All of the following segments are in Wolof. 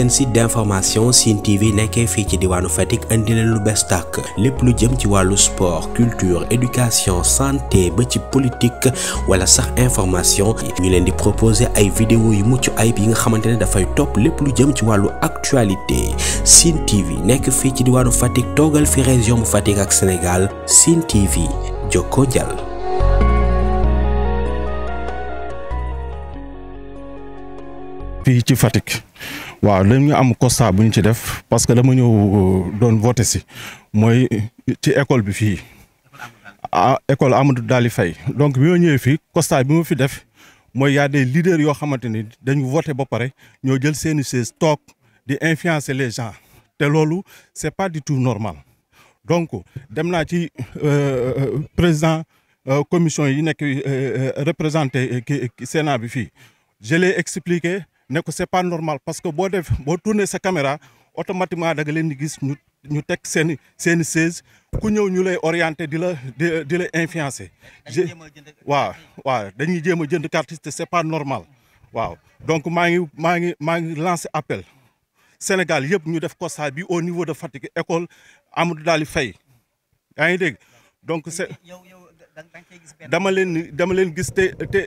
seen site d'information Sine TV nekkee fi ci diwanu fatik andi leen lu bees tàkk lépp lu jëm ci walu sport culture éducation santé ba ci politique wala sax information ñu leen di proposer ay vidéo yu muccu ay bi nga xamantene da fay top lepp lu jëm ci walu actualité Sine TV nek fi ci diwanu fatik togal fi région bu fatik ak Sénégal Sine TV joko jàll. fi ci fatik waaw nous avons un constat parce que nous euh, avons voté ici, moi ci école école Amadou donc nous avons un constat des leaders qui ont voté ba avons un jël stock les gens c'est pas du tout normal donc dem euh, euh, président commission yi nekk Sénat je l'ai expliqué ne ko c'est pas normal parce que bo def bo tourner sa caméra automatiquement da nga leen gis ñu ñu tek sen sen seen seize ku ñëw ñu lay orienté dila la influencer wa wa dañuy jema jënd carte c'est pas normal wa donc ma ngi ma ngi ma ngi lancer appel Sénégal yëpp ñu def constat bi au niveau de Fatick école Amadou Daly Faye ngi dégg donc c'est dama len dama len gis te te.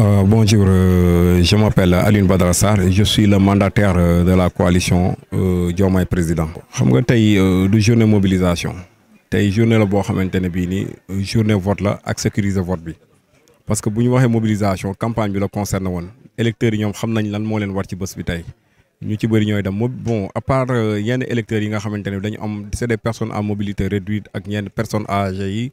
Euh, bonjour, euh, je m'appelle Aline Badrassar, je suis le mandataire euh, de la coalition Diomaye Président. xam nga tey journée mobilisation tey journée la journée de journée vote la sécuriser vote parce que nous ñu une mobilisation campagne qui concerne les électeurs yi ce xam nañ lan leen war bon à part yenn électeurs yi nga des personnes à mobilité réduite ak des personnes âgées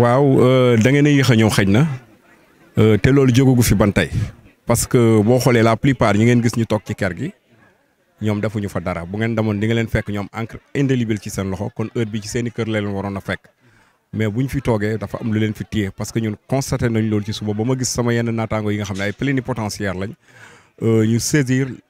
waaw euh, da ngeen a yéex a ñëw xëj na euh, te loolu jógagu fi ban tey parce que boo xoolee la plupart ñu ngeen gis ñu toog ci ker gi ñoom defuñu fa dara bu ngeen demoon di nga leen fekk ñoom encre indélébile ci seen loxo kon heure bi ci seen i kër la leen waroon a fekk mais buñ fi toogee dafa am lu leen fi téye parce que ñun constaté nañ loolu ci suba ba ma gis sama yenn naataango yi nga xam ne ay plénipotentiaire lañ euh, ñu saisir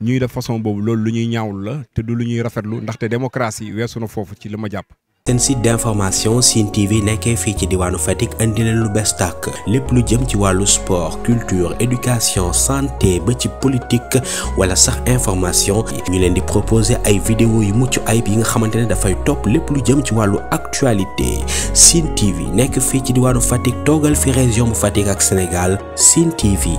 ñuy def façon boobu loolu ñuy ñaawul la te du lu ñuy rafetlu ndaxte démocratie weesu na ci li ma jàpp. seen site d'information Sine TV nekkee fii ci diwaanu Fatick indi leen lu bees tàkk lépp lu jëm ci wàllu sport culture éducation santé ba ci politique wala sax information ñu leen di proposer ay vidéo yu mucc ayib yi nga xamante ne dafay topp lépp lu jëm ci actualité Sine TV nekk fii ci diwaanu Fatick toogal fi région bu Fatick ak Sénégal Sine TV.